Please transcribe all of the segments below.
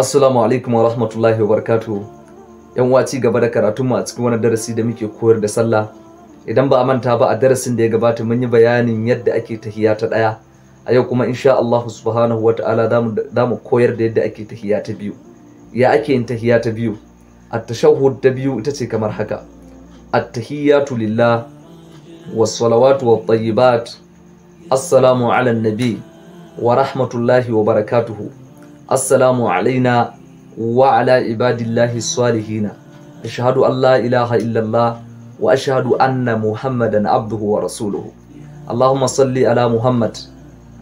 Assalamu alaikum wa rahmatullahi wa barakatu. Yan waci gaba da mu a cikin wani darasi da muke koyar da sallah. Idan ba a manta ba a darasin da ya gabata mun yi bayanin yadda ake tahiya ta ɗaya. A yau kuma insha Allah subhanahu wa ta'ala za mu koyar da yadda ake tahiya ta biyu. Ya ake yin tahiya ta biyu? At-tashahhud ta biyu ita ce kamar haka. At-tahiyatu lillah was-salawatu wat-tayyibat. Assalamu ala nabi wa rahmatullahi wa barakatuhu. assalamu alaina wa ala ibadillahi salihina ashhadu an la ilaha illallah wa ashhadu anna muhammadan abduhu wa rasuluhu allahuma salli ala muhammad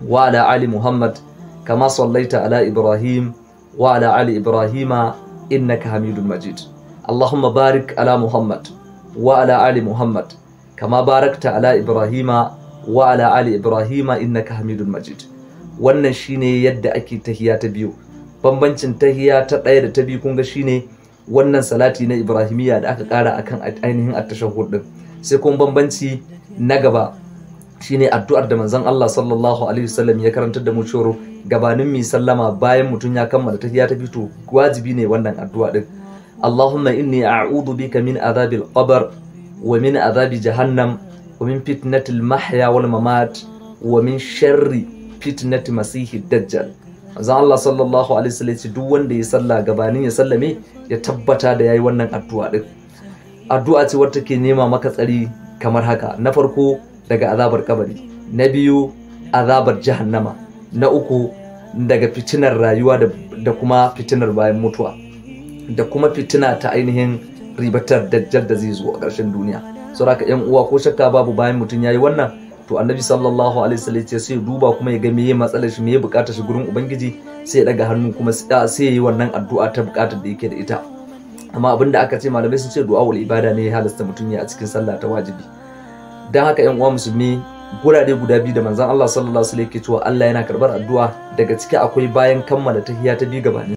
wa ala ali muhammad kama sallaita ala ibrahim wa ala ali ibrahima innaka hamidul majid allahumma barik ala muhammad wa ala ali muhammad kama barakta ala ibrahima wa ala ali ibrahima innaka hamidul majid wannan shine yadda ake tahiya ta biyu bambancin tahiya ta ɗaya da ta biyu kunga ga shine wannan salati na ibrahimiyya da aka ƙara kan ainihin at-tashahhud din sai kuma bambanci na gaba shine addu'ar da manzon Allah sallallahu alaihi wasallam ya karanta da mu coro gabanin mi sallama bayan mutum ya kammala tahiya ta biyu. to wajibi ne wannan addu'a din Allahumma inni a'udhu bika min adhabil qabr wa min adhabi jahannam wa min fitnatil mahya wal mamat wa min sharri fitnat masihi dajjal manzon Allah sallallahu alaihi wasallam ce duk wanda ya salla gabanin ya sallame ya tabbata da yayi wannan addu'a din addu'a ce wacce ke nema maka tsari kamar haka na farko daga azabar kabari na biyu azabar jahannama na uku daga fitinar rayuwa da kuma fitinar bayan mutuwa da kuma fitina ta ainihin ribatar dajjal da zai zo a ƙarshen duniya saboda yan uwa ko shakka babu bayan mutum yayi wannan to annabi sallallahu alaihi wasallam ya ce sai duba kuma ya ga meye matsalar shi meye bukatar shi gurin ubangiji sai ya daga hannu kuma sai ya yi wannan addu'a ta bukatar da yake da ita amma abin da aka ce malamai sun ce du'a wal ibada ne ya halasta mutum ya a cikin sallah ta wajibi dan haka yan uwa musulmi gurare guda biyu da manzon Allah sallallahu alaihi wasallam yake cewa Allah yana karbar addu'a daga ciki akwai bayan kammala tahiyya ta biyu gabanin